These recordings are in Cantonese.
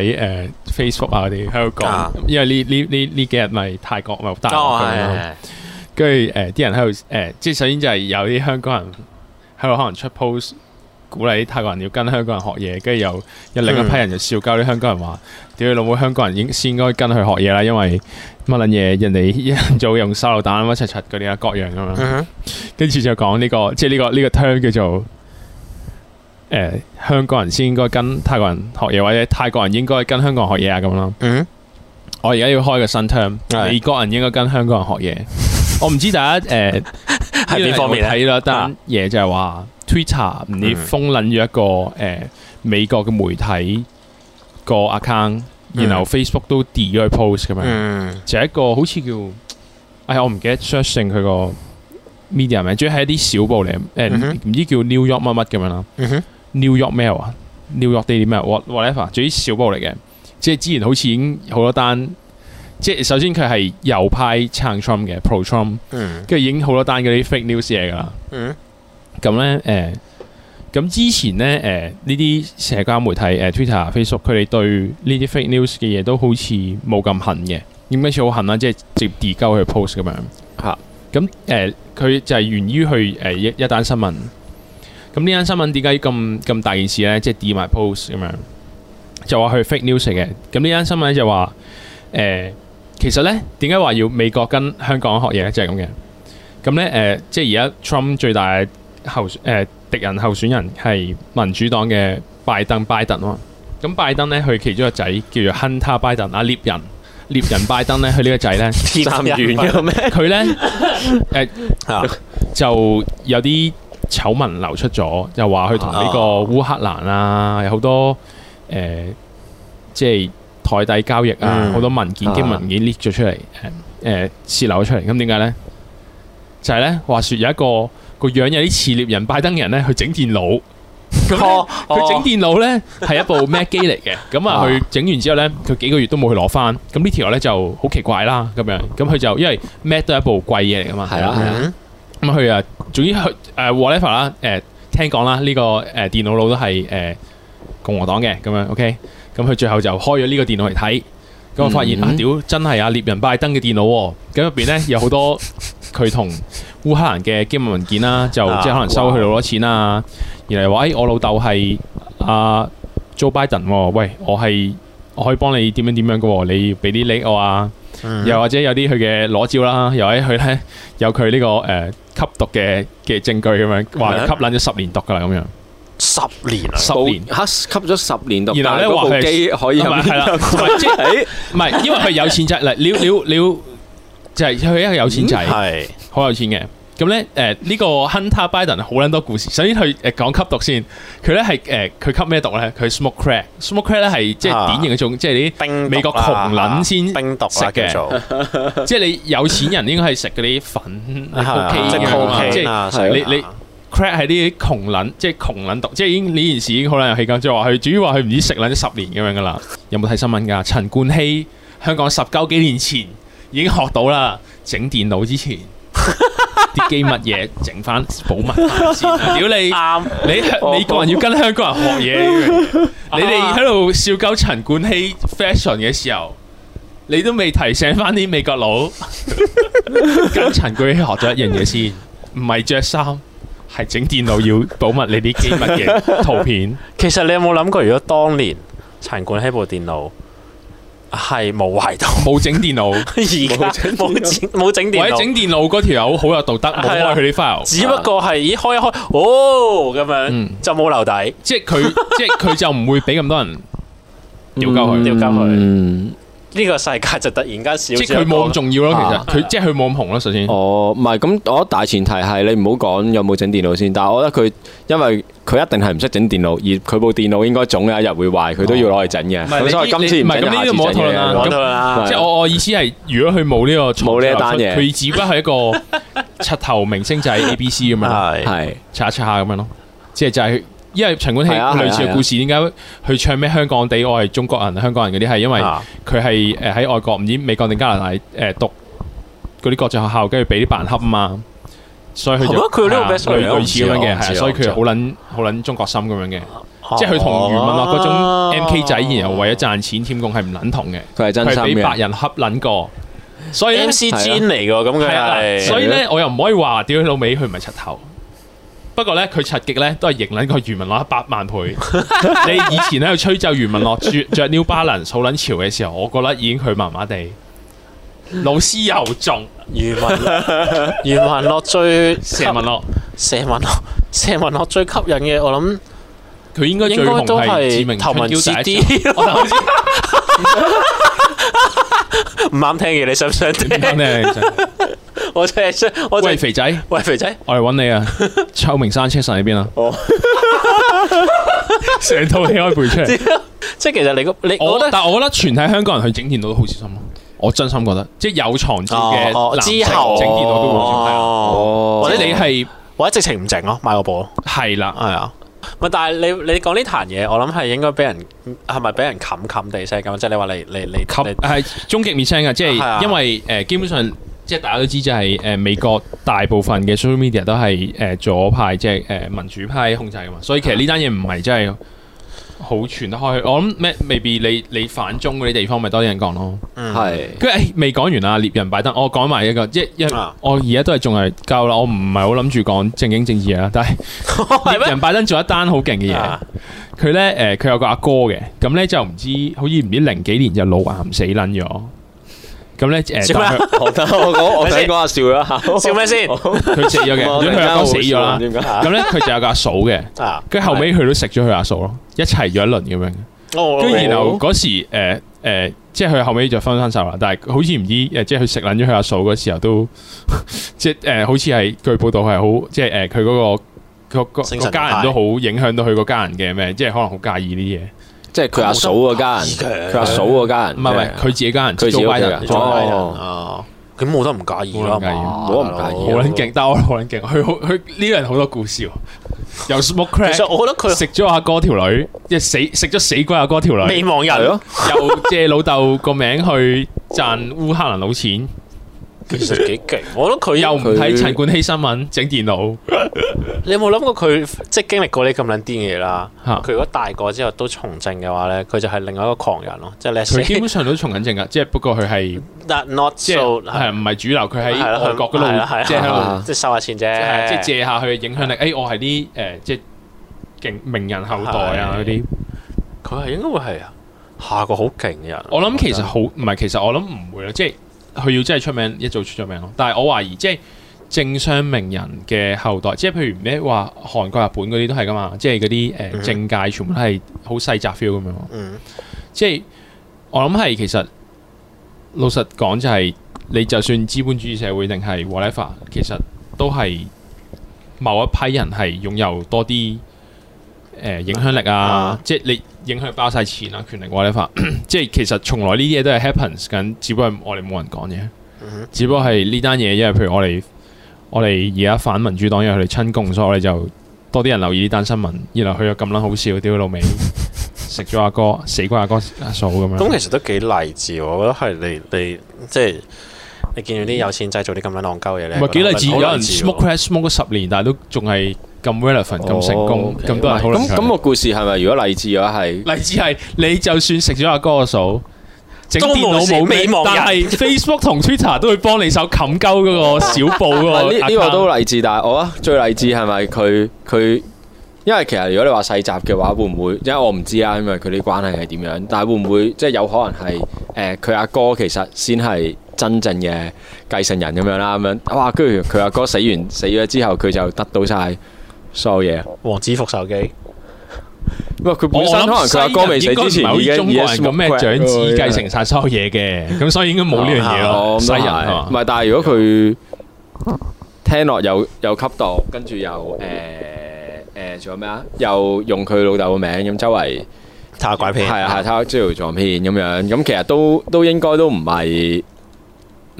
喺誒 Facebook 啊啲喺度講，因為呢呢呢呢幾日咪泰國咪好我哋咯，跟住誒啲人喺度誒，即、呃、係首先就係有啲香港人喺度可能出 post 鼓勵啲泰國人要跟香港人學嘢，跟住又又另一批人就笑鳩啲香港人話，屌你、嗯、老母，香港人應先應該跟佢學嘢啦，因為乜撚嘢人哋一早用手榴彈乜柒柒嗰啲啊各樣咁樣，跟住就講呢、這個即係、這、呢個呢、這個 term 叫做。誒、呃、香港人先應該跟泰國人學嘢，或者泰國人應該跟香港人學嘢啊，咁樣咯。嗯、mm，hmm。我而家要開個新 term，美國人應該跟香港人學嘢。我唔知大家誒喺邊方面睇啦。但係嘢就係話 Twitter 你封撚咗一個誒美國嘅媒體個 account，然後 Facebook 都 delete post 咁樣。就係一個好似叫哎我唔記得 searching 佢個 media 名，主要係一啲小報嚟誒，唔知叫 New York 乜乜咁樣啦。New York Mail 啊 New York Daily Mail 咩？whatever，總之小報嚟嘅，即係之前好似已經好多單，即係首先佢係右派撐 Trump 嘅，pro Trump，跟住、嗯、已經好多單嗰啲 fake news 嘢噶啦。咁咧誒，咁、呃、之前咧誒呢啲、呃、社交媒體誒、呃、Twitter、Facebook，佢哋對呢啲 fake news 嘅嘢都好似冇咁恨嘅，點解似好恨啦，即係直接地鳩哈、呃、去 post 咁樣嚇。咁誒佢就係源於去誒一一,一單新聞。咁呢間新聞點解咁咁大件事咧？即係 d 埋 post 咁樣，就話佢 fake news 嘅。咁呢間新聞咧就話，誒、呃，其實咧點解話要美國跟香港學嘢咧？就係咁嘅。咁咧誒，即係而家 Trump 最大候誒敵、呃、人候選人係民主黨嘅拜登，拜登咯。咁、啊、拜登咧佢其中一個仔叫做 Hunter Biden，阿、啊、獵人，獵人拜登咧佢呢個仔咧， 三元咩？佢咧誒就有啲。醜聞流出咗，又話佢同呢個烏克蘭啊，有好多誒，即係台底交易啊，好多文件啲文件 lift 咗出嚟，誒，泄露咗出嚟。咁點解咧？就係咧，話說有一個個樣有啲似獵人拜登嘅人咧，去整電腦，咁佢整電腦咧係一部 Mac 機嚟嘅，咁啊，佢整完之後咧，佢幾個月都冇去攞翻，咁呢條咧就好奇怪啦，咁樣，咁佢就因為 Mac 都係一部貴嘢嚟噶嘛，係啊。咁佢啊，總之佢誒 whatever 啦，誒、呃、聽講啦，呢、這個誒、呃、電腦佬都係誒、呃、共和黨嘅咁樣，OK。咁佢最後就開咗呢個電腦嚟睇，咁我發現、嗯、啊屌、啊，真係啊獵人拜登嘅電腦、哦，咁入邊咧有好多佢同烏克蘭嘅機密文件啦、啊，就即係可能收佢老多錢啊，而係話誒我老豆係阿 Joe Biden 喎、哦，喂，我係我可以幫你點樣點樣嘅喎、哦，你俾啲 link 我啊，又或者有啲佢嘅裸照啦，又或者佢咧有佢呢、這個誒。呃吸毒嘅嘅證據，咁樣話吸撚咗十年毒㗎喇咁樣。十年啊十年吓吸咗十年毒。然後咧話佢可以係啦，唔係因為佢有錢仔你了你要，就係、是、佢一個有錢仔，係好、嗯、有錢嘅。咁咧，誒呢個 Hunter Biden 好撚多故事。首先佢誒講吸毒先，佢咧係誒佢吸咩毒咧？佢 smoke crack，smoke crack 咧係即係典型嘅種，即係啲美國窮撚先食嘅。即係你有錢人應該係食嗰啲粉，即係你你 crack 係啲窮撚，即係窮撚毒，即係已經呢件事已經好撚有氣氛，即係話佢主要話佢唔知食撚咗十年咁樣噶啦。有冇睇新聞噶？陳冠希香港十鳩幾年前已經學到啦，整電腦之前。啲機 密嘢整翻保密。屌你，你香美國人要跟香港人學嘢。你哋喺度笑鳩陳冠希 fashion 嘅時候，你都未提醒翻啲美國佬， 跟陳冠希學咗一樣嘢先，唔係着衫，係整電腦要保密你啲機密嘅圖片。其實你有冇諗過，如果當年陳冠希部電腦？係冇壞到，冇整電腦，而冇整冇整電腦。或者，整電腦嗰條友好有道德，冇是、啊、開佢啲 file。只不過係、啊、咦，開一開，哦咁樣、嗯、就冇留底即。 即係佢，即係佢就唔會俾咁多人掉鳩佢，掉鳩佢。呢個世界就突然間少咗，即係佢冇咁重要咯。其實佢即係佢冇咁紅咯。首先，哦，唔係咁，我大前提係你唔好講有冇整電腦先。但係我覺得佢因為佢一定係唔識整電腦，而佢部電腦應該總有一日會壞，佢都要攞去整嘅。咁所以今次唔整唔係咁，呢啲都冇討論啦。即係我我意思係，如果佢冇呢個冇呢一單嘢，佢只不過係一個柒頭明星仔 ABC 咁樣，係係擦一擦咁樣咯。即係就係。因為陳冠希類似嘅故事，點解佢唱咩香港地？我係中國人、香港人嗰啲，係因為佢係誒喺外國，唔知美國定加拿大誒讀嗰啲國際學校，跟住俾白人恰嘛，所以佢就類似咁樣嘅，係所以佢好捻好捻中國心咁樣嘅，即係佢同余文樂嗰種 M K 仔，然後為咗賺錢添共係唔捻同嘅，佢係真心嘅，係俾白人恰捻過，所以 MC Jin 嚟嘅，咁嘅所以咧我又唔可以話屌佢老尾，佢唔係柒頭。不過咧，佢刷極咧都係贏捻過余文樂一百萬倍。 你以前喺度吹奏余文樂著著 New Balance 好捻潮嘅時候，我覺得已經佢麻麻地。老師又中余文余文樂最佘文樂佘文樂佘文樂最吸引嘅，我諗佢應該最紅係頭文字 D。唔啱聽嘅，你想唔想聽？ 我車，我喂肥仔，喂肥仔，我嚟揾你啊！秋名山車神喺邊啊？哦，成套你可以背出嚟。即係其實你個你，我覺得，但係我覺得全體香港人去整電腦都好小心咯。我真心覺得，即係有藏字嘅，之後整電腦都會小心。或者你係或者直情唔整咯，買個簿咯。係啦，係啊。喂，但係你你講呢壇嘢，我諗係應該俾人，係咪俾人冚冚地聲咁？即係你話嚟嚟嚟，係終極面聲嘅，即係因為誒，基本上。即係大家都知，就係誒美國大部分嘅 social media 都係誒、呃、左派，即係誒、呃、民主派控制嘅嘛。所以其實呢單嘢唔係真係好傳得開去。我諗咩？未必你你反中嗰啲地方咪多啲人講咯。嗯，係、嗯。跟、欸、未講完啊，獵人拜登，我講埋一個，即一，我而家都係仲係夠啦。我唔係好諗住講正經正義嘢啦。但係獵 嗎人拜登做一單好勁嘅嘢。佢咧誒，佢、呃、有個阿哥嘅，咁咧就唔知，好似唔知零幾年就腦癌死撚咗。咁咧誒，我我我先講下笑咗笑咩先？佢死咗嘅。如果佢阿哥死咗啦，咁咧佢就有個阿嫂嘅，跟住後尾佢都食咗佢阿嫂咯，一齊咗一輪咁樣。跟住然後嗰時誒誒即係佢後尾就分身手啦，但係好似唔知誒，即係佢食撚咗佢阿嫂嗰時候都，即係誒，好似係據報道係好，即係誒，佢嗰個個個家人都好影響到佢個家人嘅咩，即係可能好介意呢啲嘢。即係佢阿嫂嗰間，佢阿嫂嗰間，唔係唔係佢自己間，佢自己人。咁我都唔介意，我都唔介意，好捻勁，但係我好捻勁。佢佢呢人好多故事，又 Smoke Crack，其實我覺得佢食咗阿哥條女，即係死食咗死鬼阿哥條女，未亡人咯，又借老豆個名去賺烏克蘭老錢。其實幾勁，我諗佢又唔睇陳冠希新聞整電腦。你有冇諗過佢即係經歷過呢咁卵癲嘢啦？佢如果大個之後都從政嘅話咧，佢就係另外一個狂人咯，即係你。佢基本上都從緊政噶，即係不過佢係，但係 not so 係唔係主流？佢喺外國嗰度，即係收下錢啫，即係借下佢嘅影響力。誒，我係啲誒，即係名名人後代啊嗰啲，佢係應該會係啊，下個好勁嘅人。我諗其實好，唔係其實我諗唔會咯，即係。佢要真係出名，一早出咗名咯。但係我懷疑，即係政商名人嘅後代，即係譬如咩話韓國、日本嗰啲都係噶嘛，即係嗰啲誒政界全部都係好細窄 feel 咁樣。嗯、即係我諗係其實老實講就係、是、你就算資本主義社會定係 whatever，其實都係某一批人係擁有多啲誒、呃、影響力啊，嗯、即係你。影響包曬錢啊，權力歪理化，即係其實從來呢啲嘢都係 happens 緊，只不過我哋冇人講嘢，只不過係呢單嘢，因為譬如我哋我哋而家反民主黨，因為佢哋親共，所以我哋就多啲人留意呢單新聞。然後佢又咁撚好笑，屌老味食咗阿哥死鬼阿哥阿嫂咁樣。咁其實都幾勵志，我覺得係你你即係你見到啲有錢仔做啲咁樣浪鳩嘢咧，唔係幾勵志，有人 smoke crack smoke 咗十年，但係都仲係。咁 relevant 咁成功，咁都係好。咁咁個故事係咪？如果勵志嘅話，係勵志係你就算食咗阿哥嘅數，整電腦冇希望，但係 Facebook 同 Twitter 都會幫你手冚鳩嗰個小布。呢 呢、 這個都勵志，但係我啊最勵志係咪？佢佢因為其實如果你話細集嘅話，會唔會？因為我唔知啊，因為佢啲關係係點樣，但係會唔會即係、就是、有可能係誒？佢、呃、阿哥其實先係真正嘅繼承人咁樣啦。咁樣哇，跟住佢阿哥死完死咗之後，佢就得到晒。所有嘢啊！王子復仇記，唔係佢本身可能佢阿哥未死之前已經有人個咩長子繼承晒所有嘢嘅，咁所以應該冇呢樣嘢咯。西人係嘛，唔係，但係如果佢聽落有有吸毒，跟住又誒誒，仲有咩啊？又用佢老豆嘅名，咁周圍睇下鬼片，係啊係睇招搖撞騙咁樣，咁其實都都應該都唔係。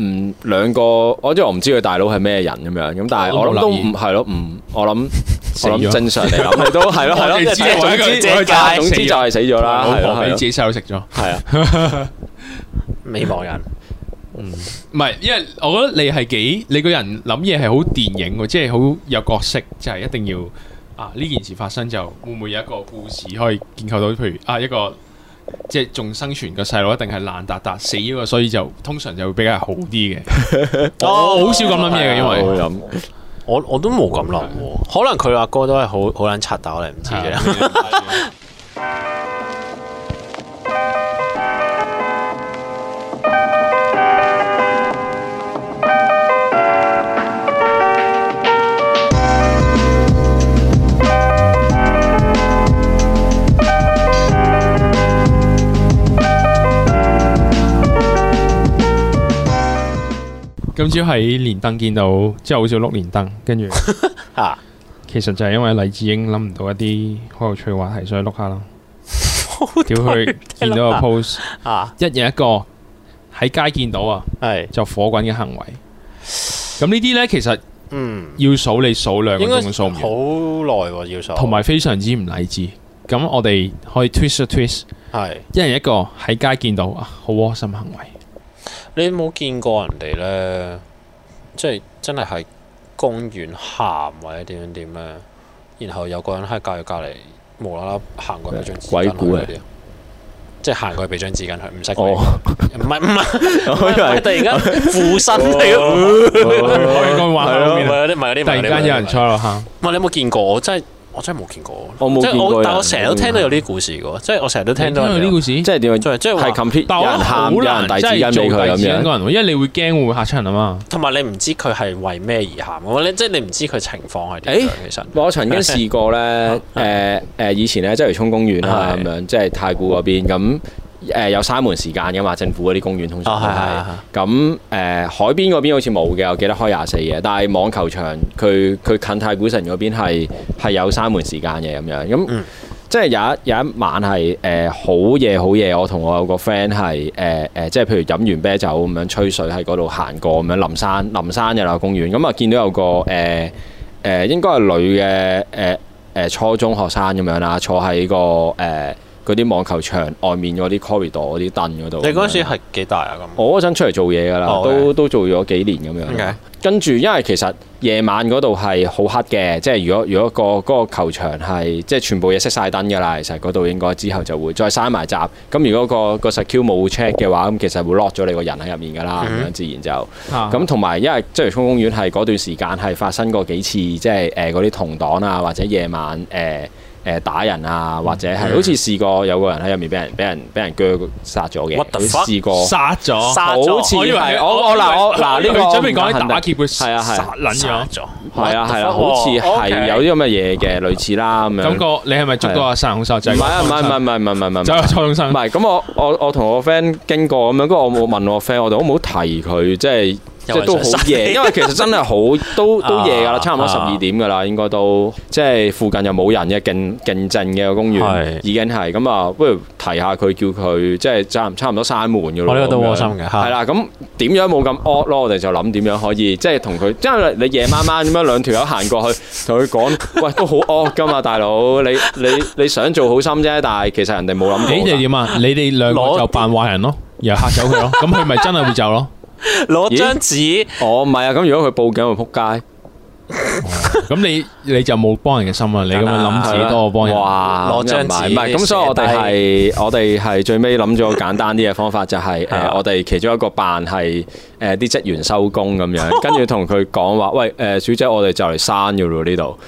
嗯，兩個，我即係我唔知佢大佬係咩人咁樣，咁但係我諗都唔係咯，唔我諗我諗正常嚟諗都係咯，係咯，總之就係死咗啦，自己細佬食咗，係啊，美國人，嗯，唔係，因為我覺得你係幾，你個人諗嘢係好電影，即係好有角色，即係一定要啊呢件事發生就會唔會有一個故事可以建構到，譬如啊一個。即係仲生存個細路一定係爛達達，死咗，所以就通常就會比較好啲嘅。我好少咁諗嘢嘅，因為我我都冇咁諗，可能佢阿哥都係好好難拆到我哋唔知嘅。今朝喺連登見到，即係好少碌連登，跟住嚇， 啊、其實就係因為黎智英諗唔到一啲好有趣嘅話題，所以碌下咯。屌佢， 見到個 pose 啊，一人一個喺街見到啊，係是就火滾嘅行為。咁呢啲呢，其實嗯，要數你數兩個鍾嘅數，好耐喎要數。同埋非常之唔理智。咁我哋可以 tw twist 一 twist，係一人一個喺街見到啊，好窩心行為。你冇見過人哋咧，即係真係係公園行或者點樣點咧，然後有個人喺隔籬隔籬無啦啦行過俾張紙巾，鬼故啊！即係行過去俾張紙巾佢，唔識唔係唔係，突然間附身你，突然間有人坐落坑，我你有冇見過？真係～我真係冇見過，我冇見過，但我成日都聽到有啲故事嘅，即係我成日都聽到有啲故事，即係點樣啊？即係近貼人喊人，第二次因為你會驚會唔會嚇親人啊嘛？同埋你唔知佢係為咩而喊，我咧即係你唔知佢情況係點樣其實。我曾經試過咧，誒誒以前咧，即係鰂魚涌公園啊咁樣，即係太古嗰邊咁。誒、呃、有閂門時間嘅嘛，政府嗰啲公園通常都係，咁誒、哦呃、海邊嗰邊好似冇嘅，我記得開廿四嘅。但係網球場佢佢近太古城嗰邊係有閂門時間嘅咁樣。咁、嗯、即係有一有一晚係誒、呃、好夜好夜，我同我個 friend 係誒誒，即係譬如飲完啤酒咁樣吹水喺嗰度行過咁樣林山林山嘅啦公園。咁啊見到有個誒誒、呃呃、應該係女嘅誒誒初中學生咁樣啦，坐喺個誒。呃呃嗰啲網球場外面嗰啲 corridor 嗰啲燈嗰度，你嗰陣時係幾大啊？咁我嗰陣出嚟做嘢㗎啦，都都做咗幾年咁樣。Okay. 跟住，因為其實夜晚嗰度係好黑嘅，即係如果如果、個嗰、個、球場係即係全部嘢熄晒燈㗎啦，其實嗰度應該之後就會再閂埋閘。咁如果、個、個 security 冇 check 嘅話，咁其實會 lock 咗你個人喺入面㗎啦，咁、mm hmm. 樣自然就咁同埋，uh huh. 因為將軍公，公園係嗰段時間係發生過幾次，即係誒嗰啲同黨啊或者夜晚誒。呃誒，打人啊，或者係好似試過有個人喺入面俾人俾人俾人鋸殺咗嘅，佢試過殺咗，好似係我我嗱我嗱呢個佢準備講啲打劫嘅殺撚咗，係啊係啊，好似係有啲咁嘅嘢嘅，類似啦咁樣。咁個你係咪捉到阿陳冠希殺仔？唔係啊，唔係唔係唔係唔係唔係唔係，就係初中生唔係。咁我我我同我 friend 經過咁樣，嗰我我冇問我 friend 我哋好唔好提佢即係。即係都好夜，因為其實真係好都都夜噶啦，差唔多十二點噶啦，應該都即係附近又冇人嘅，近近靜嘅公園，已經係咁啊，不如提下佢，叫佢即係差唔差唔多閂門噶咯。我呢個都好心嘅，係啦，咁點樣冇咁惡咯？我哋就諗點樣可以即係同佢，即係你夜晚晚咁樣，兩條友行過去，同佢講，喂，都好惡噶嘛，大佬，你你你想做好心啫，但係其實人哋冇諗。誒，點啊？你哋兩個就扮壞人咯，又嚇走佢咯，咁佢咪真係會走咯？攞張紙，哦唔係啊，咁如果佢報警會撲街。咁你你就冇幫人嘅心啊？你咁樣諗自己多，我幫人。哇，攞張紙，唔係咁，所以我哋係我哋係最尾諗咗簡單啲嘅方法，就係誒，我哋其中一個辦係誒啲職員收工咁樣，跟住同佢講話，喂，誒，小姐，我哋就嚟刪咗咯呢度。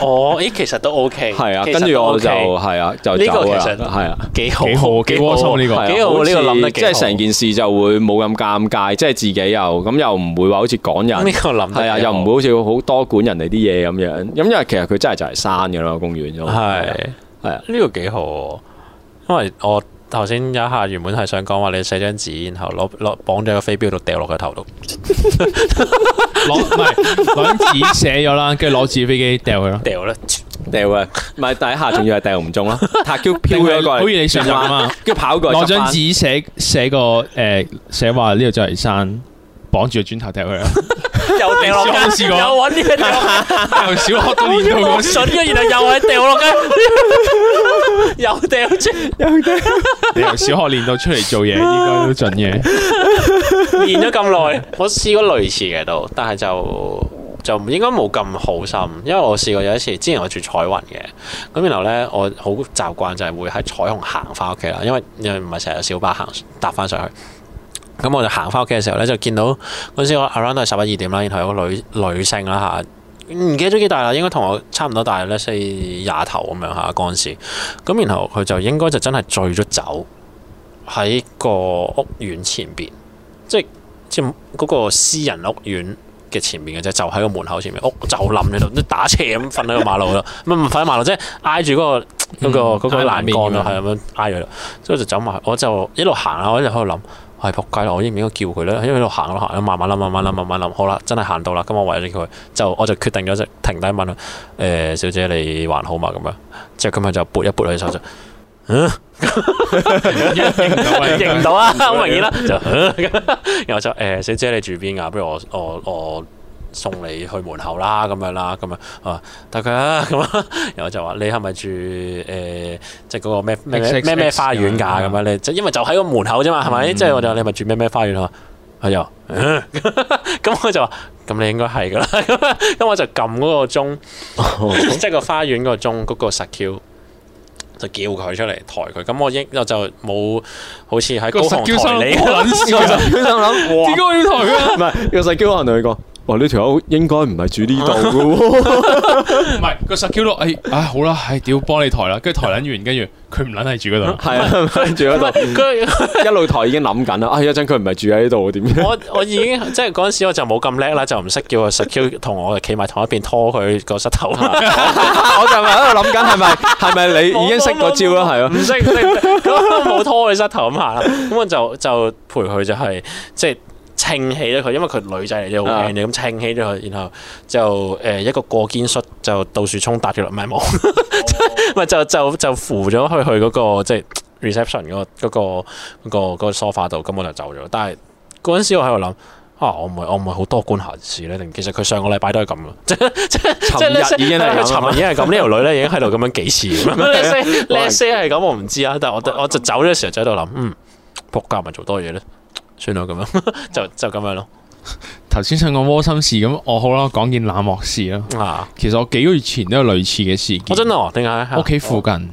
哦，咦，其實都 OK，係啊，跟住我就係啊，就呢個其實係啊，幾好，幾好，幾好呢個，呢個呢個諗得，即係成件事就會冇咁尷尬，即係自己又咁又唔會話好似趕人，呢個諗係啊，又唔會好似好多管人哋啲嘢咁樣，咁因為其實佢真係就係山噶啦，公園咁，係係啊，呢個幾好，因為我。頭先有一下，原本係想講話你寫張紙，然後攞攞綁咗個飛鏢度掉落佢頭度， 攞唔係攞紙寫咗啦，跟住攞紙飛機掉佢咯，掉啦，掉，唔係第一下仲要係掉唔中啦，塔 Q 飄咗過嚟，好似你上日咁啊，跟住跑過，攞張紙寫寫個誒，寫話呢度就係山。綁住個磚頭踢去啊！又掉落去， 試過有揾啲咩？由小學都練到咁準嘅，然後又係掉落去，又掉磚，又掉。由小學練到出嚟做嘢， 應該都準嘢練咗咁耐，我試過類似嘅都，但係就就應該冇咁好心，因為我試過有一次，之前我住彩雲嘅，咁然後咧我好習慣就係會喺彩虹行翻屋企啦，因為唔係成日有小巴行搭翻上去。咁我就行翻屋企嘅時候咧，就見到嗰時我 around 都係十一二點啦，然後有個女女性啦吓，唔記得咗幾大啦，應該同我差唔多大咧，四廿頭咁樣吓嗰時。咁然後佢就應該就真係醉咗酒喺個屋苑前邊，即係即係嗰個私人屋苑嘅前面嘅啫，就喺個門口前面，屋就冧喺度，打斜咁瞓喺個馬路度，唔瞓喺馬路即係，挨住嗰個嗰個嗰個欄杆啊，係咁樣挨住，所以就走埋，我就一路行啊，我一路喺度諗。係仆街咯，我應唔應該叫佢咧？喺喺度行咯，行咯，慢慢諗，慢慢諗，慢慢諗，好啦，真係行到啦。咁我為咗佢，就我就決定咗就停低問佢：誒、哎，小姐你還好嘛？咁樣，之後咁咪就撥一撥佢手術，嗯，認唔到啊，好明顯啦，就，然後就誒，小姐你住邊啊？不如我我我。我送你去門口啦，咁樣啦，咁樣啊，得佢咁啊。然後就話你係咪住誒，即係嗰個咩咩咩咩花園噶咁樣？你即因為就喺個門口啫嘛，係咪？即係我就你咪住咩咩花園啊？我又咁，我就話咁你應該係噶啦，因為我就撳嗰個鐘，即係個花園個鐘嗰個 secure 就叫佢出嚟抬佢。咁我應我就冇好似喺高堂抬你。其實佢就諗點解要抬啊？唔係，其實叫個女個。哇！呢條友應該唔係住呢度噶喎，唔 係、個 secure 唉好啦，唉屌，幫你抬啦，跟住抬捻完，跟住佢唔捻喺住嗰度，係啊，是啊住嗰度，跟住一路抬已經諗緊啦，啊、哎，一陣佢唔係住喺呢度點？我我已經即係嗰陣時我就冇咁叻啦，就唔識叫個 secure 同我企埋同一邊拖佢個膝頭， 我就咪喺度諗緊係咪係咪你已經識個招啦，係啊， 唔識，咁都冇拖佢膝頭咁下啦，咁我就就陪佢就係、是、即係。傾起咗佢，因為佢女仔嚟啫，好輕咁傾起咗佢，然後就誒、呃、一個過肩摔，就到樹衝打跌落埋冇，咪、 oh. 就就就，就扶咗佢去嗰、那個即係 reception 嗰、那個嗰、那個梳化度，根、那個那個、我就走咗。但係嗰陣時我喺度諗啊，我唔係我唔係好多管閒事咧。其實佢上個禮拜都係咁即即係尋日已經係尋 日已經係咁。呢條 女咧已經喺度咁樣幾次。 你 e s l 係咁，我唔知啊。但係我我就走咗嘅時候就喺度諗，嗯，仆街咪做多嘢咧。算咯，咁樣 就就咁樣咯。頭先想講窩心事咁，我好啦，講件冷漠事啦。啊，其實我幾個月前都有類似嘅事件。我真啊，定係屋企附近，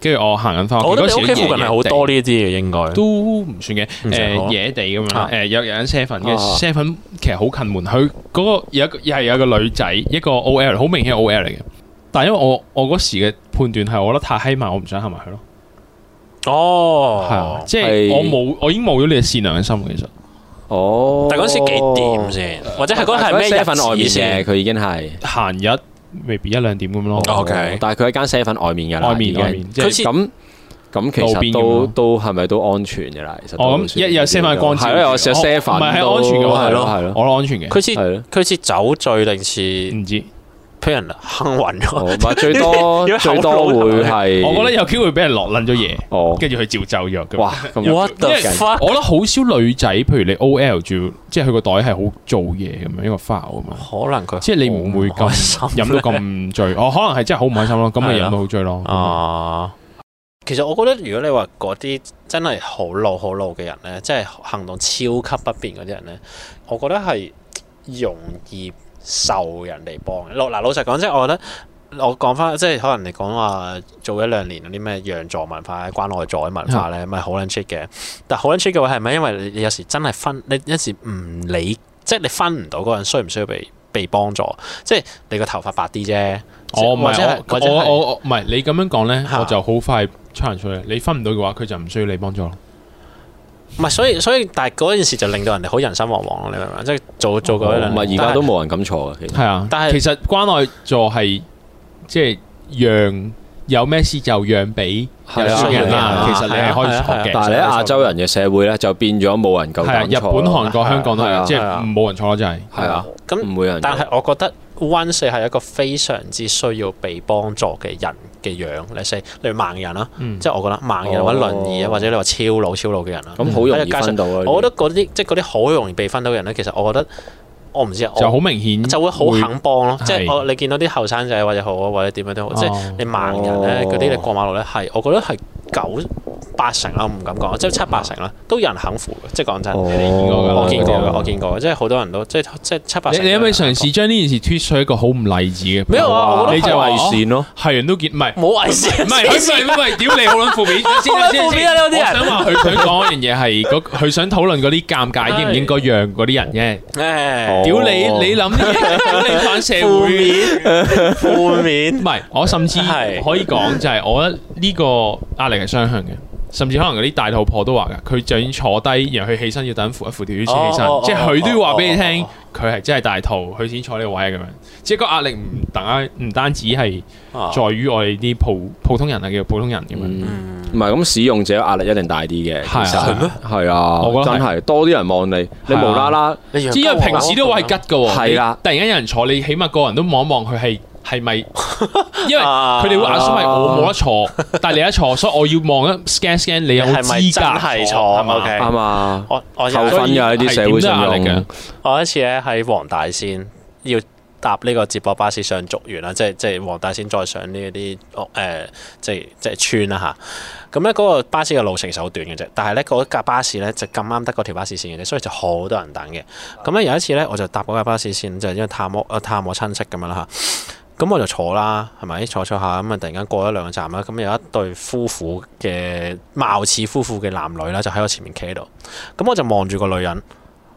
跟住、哦、我行緊翻屋企。我覺得屋企附近係好多呢啲嘢，應該都唔算嘅。誒，野地咁樣。誒、呃，有有人 Seven 嘅，Seven 其實好近門。佢嗰、啊、個有一個，又係有個女仔，一個 OL，好明顯係 OL 嚟嘅。但係因為我我嗰時嘅判斷係，我，我，我覺得太閪埋，我唔想行埋去咯。哦，係啊，即係我冇，我已經冇咗你嘅善良嘅心，其實。哦，但嗰時幾點先？或者係嗰係咩7仔外面先？佢已經係閒日，未必一兩點咁咯。O K，但係佢喺間7仔外面嘅啦。外面，外面，即係咁咁，其實都都係咪都安全嘅啦？其實我一日四萬光，係咯，我食7仔唔係安全嘅，係咯，係咯，我安全嘅。佢似佢似酒醉定似唔知？俾人坑暈咗，唔係最多最多會係，我覺得有機會俾人落捻咗嘢，哦，跟住去照咒藥嘅哇，咁核突，我覺得好少女仔，譬如你 OL 住，即係佢個袋係好做嘢咁樣一個 flow 啊嘛，可能佢即係你唔會咁心，飲到咁醉，哦，可能係真係好唔開心咯，咁咪飲到好醉咯。啊，其實我覺得如果你話嗰啲真係好老好老嘅人咧，即係行動超級不便嗰啲人咧，我覺得係容易。受人哋幫，老嗱老實講，即係我覺得我講翻，即係可能你講話做一兩年啲咩讓座文化、關愛座嘅文化咧，咪好撚 cheap 嘅。但係好撚 cheap 嘅話係咪因為你你有時真係分，你有時唔理，即係你分唔到嗰個人需唔需要被被幫助，即係你個頭髮白啲啫。我唔係我我我唔係你咁樣講咧，嗯、我就好快出人出嚟。你分唔到嘅話，佢就唔需要你幫助。唔係，所以所以，但係嗰陣時就令到人哋好人心惶惶，你明唔明？即係做做嗰一輪，唔係而家都冇人敢坐嘅，其實係啊。但係其實關愛座係即係讓有咩事又讓俾需要嘅人啊。其實你係可以坐嘅。但係喺亞洲人嘅社會咧，就變咗冇人敢坐。日本、韓國、香港都係，即係冇人坐咯，真係。係啊，咁唔會人。但係我覺得灣社係一個非常之需要被幫助嘅人。嘅樣，例如你盲人啦，嗯、即係我覺得盲人或者輪椅啊，哦、或者你話超老超老嘅人啦，咁好、嗯、容易分到加。我覺得嗰啲即係嗰啲好容易被分到嘅人咧，其實我覺得我唔知啊，就好明顯，就會好肯幫咯。會是 即係我你見到啲後生仔或者好或者點樣都好，哦、即係你盲人咧嗰啲你過馬路咧係，我覺得係。九八成啦，我唔敢講，即係七八成啦，都有人肯扶嘅，即係講真。你見過㗎？我見過，我見過，即係好多人都，即係即係七八。你你有冇嘗試將呢件事推出一個好唔勵志嘅？咩話？你就話善咯，係人都見，唔係冇偽善。唔係唔係唔係，屌你好撚負面。我知我知我知。我想話佢佢講嗰樣嘢係嗰佢想討論嗰啲尷尬應唔應該讓嗰啲人啫。屌你，你諗呢樣嘢？屌你反社會，負面負面。唔係，我甚至可以講就係我覺得呢個壓力。雙向嘅，甚至可能嗰啲大肚婆都話噶，佢就坐低，然後佢起身要等扶一扶條腰先起身，即係佢都要話俾你聽，佢係真係大肚，佢先坐呢個位咁樣，即係個壓力唔單唔單止係在於我哋啲普普通人啊，叫普通人咁樣，唔係咁使用者嘅壓力一定大啲嘅，係咩？係啊，我覺得真係多啲人望你，你無啦啦，因為平時啲位係吉噶，係啦，突然間有人坐，你起碼個人都望一望佢係。係咪？是是因為佢哋會眼，所以我冇得坐。但係你一坐，所以我要望一 scan scan，你有資格錯。O K，係嘛？我我扣分噶喺啲社會上力嘅、啊。我一次咧喺黃大仙要搭呢個接駁巴士上竹園啦，即係即係黃大仙再上呢、呃、一啲屋誒，即係即係村啦吓。咁咧嗰個巴士嘅路程好短嘅啫，但係咧嗰架巴士咧就咁啱得嗰條巴士線嘅啫，所以就好多人等嘅。咁咧有一次咧，我就搭嗰架巴士線，就因為探我探我親戚咁樣啦吓。咁我就坐啦，係咪坐坐下？咁啊，突然間過咗兩個站啦，咁有一對夫婦嘅，貌似夫婦嘅男女啦，就喺我前面企喺度。咁我就望住個女人，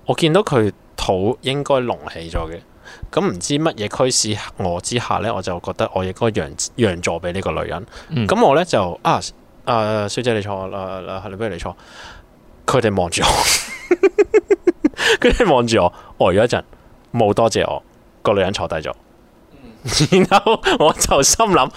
我見到佢肚應該隆起咗嘅。咁唔知乜嘢驅使我之下咧，我就覺得我亦應該讓讓座俾呢個女人。咁、嗯、我咧就啊，誒、啊，小姐你坐，誒、啊，你不如你坐。佢哋望住我，佢哋望住我，呆咗一陣，冇多謝我。個女人坐低咗。然後我就心諗，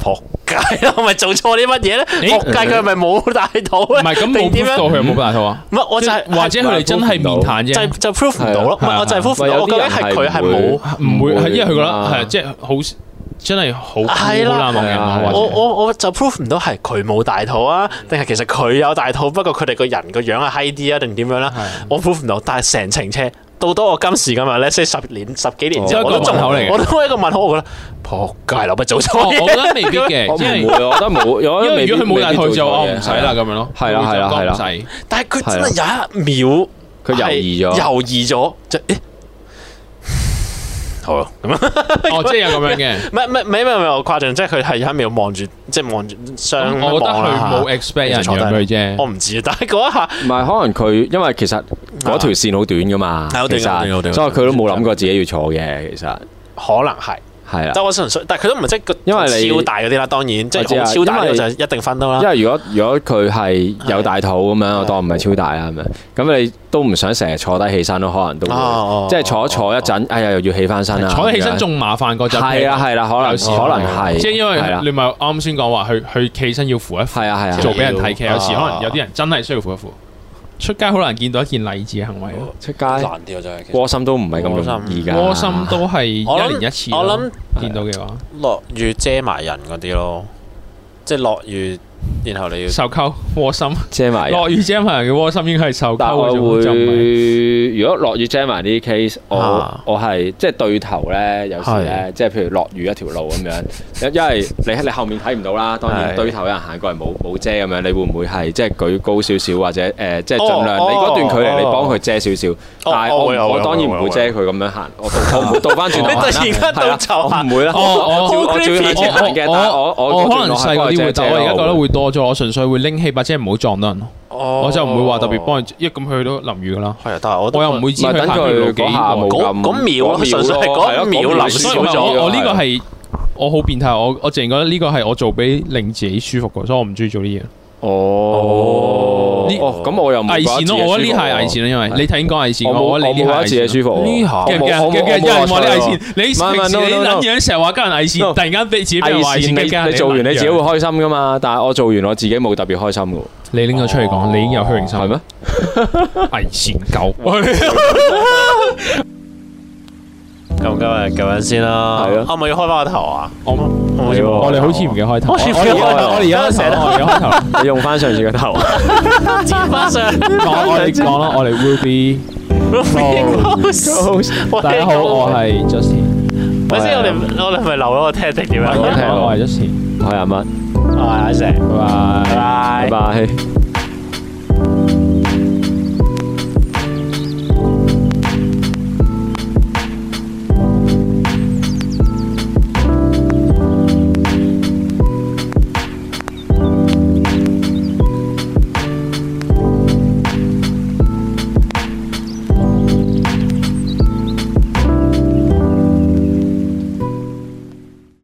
仆街啦，係咪做錯啲乜嘢咧？仆街，佢係咪冇大肚咧？唔係，咁你點樣佢冇大肚啊！唔係，我就係或者佢哋真係面談啫，就 proof 唔到咯。唔係，我就係 proof 唔到。我究竟係佢係冇，唔會係因為佢覺得係即係好真係好係啦。我我我就 proof 唔到係佢冇大肚啊，定係其實佢有大肚，不過佢哋個人個樣係嗨啲啊，定點樣啦？我 proof 唔到，但係成程車。到到我今時今日呢，即係十年十幾年之後嗰個進口嚟我都一個問好。我覺得扑街我咪做錯啲。我覺得未必嘅，我唔會，我覺得冇，因為如果佢冇人去做，我唔使啦，咁樣咯。係啦，係啦，係啦。但係佢真係有一秒，佢猶豫咗，猶豫咗就誒。咁啊！哦，即係有咁樣嘅，唔係唔係唔係唔係我誇張，即係佢係喺面望住，即係望住上。我覺得佢冇 expect 人坐低佢啫，我唔知，但係嗰一下唔係可能佢，因為其實嗰條綫好短㗎嘛，其實所以佢都冇諗過自己要坐嘅，其實可能係。係啊，但佢都唔即係超大嗰啲啦。當然，即係超大就一定分到啦。因為如果如果佢係有大肚咁樣，我當唔係超大啦。咁你都唔想成日坐低起身咯？可能都會，即係坐一坐一陣，哎呀，又要起翻身啦。坐起身仲麻煩過就係啦，係啦，可能可能係。即係因為你咪啱先講話，佢佢起身要扶一扶，做俾人睇其實。有時可能有啲人真係需要扶一扶。出街好難見到一件勵志嘅行為。出街窩心都唔係咁容易。窩心都係一年一次我諗見到嘅話，落雨遮埋人嗰啲咯，即係落雨。然後你要受溝，窩心遮埋落雨遮埋人嘅窩心應該係受溝。但會如果落雨遮埋呢啲 case，我我係即係對頭咧，有時咧即係譬如落雨一條路咁樣，因為你喺你後面睇唔到啦，當然對頭有人行過嚟，冇冇遮咁樣，你會唔會係即係舉高少少或者誒即係盡量你嗰段距離你幫佢遮少少，但係我我當然唔會遮佢咁樣行，我我唔倒翻轉。你突然間倒頭行，唔會啦。我我我我我我可能細個我而家覺得會。多咗，我純粹會拎起把遮唔好撞到人，我就唔會話特別幫佢，因為咁佢都淋雨噶啦。係啊，但係我又唔會知佢落幾下冇咁。咁秒，純粹係嗰一秒淋少咗。我呢個係我好變態，我我淨係覺得呢個係我做俾令自己舒服嘅，所以我唔中意做呢樣。哦。哦，咁我又唔係啱字舒服。我呢係偽善，因為你睇應該偽善。我我呢係字嘅舒服。呢下你偽善。你平時你諗嘢成日話跟人偽善，突然間自己被人偽善。你做完你自己會開心噶嘛？但係我做完我自己冇特別開心噶。你拎我出嚟講，你已經有虛榮心。係咩？偽善狗。咁今日咁樣先啦，係咯。可唔可以開翻個頭啊？我我我哋好似唔記得開頭。我我我哋而家寫開嘅開頭，你用翻上次嘅頭。接翻上。講你講啦，我哋 Will be。大家好，我係 Justin。唔係先，我哋我哋係咪留咗個聽證點啊？我係 Justin，我係阿乜，我係阿 Sir，拜拜拜拜。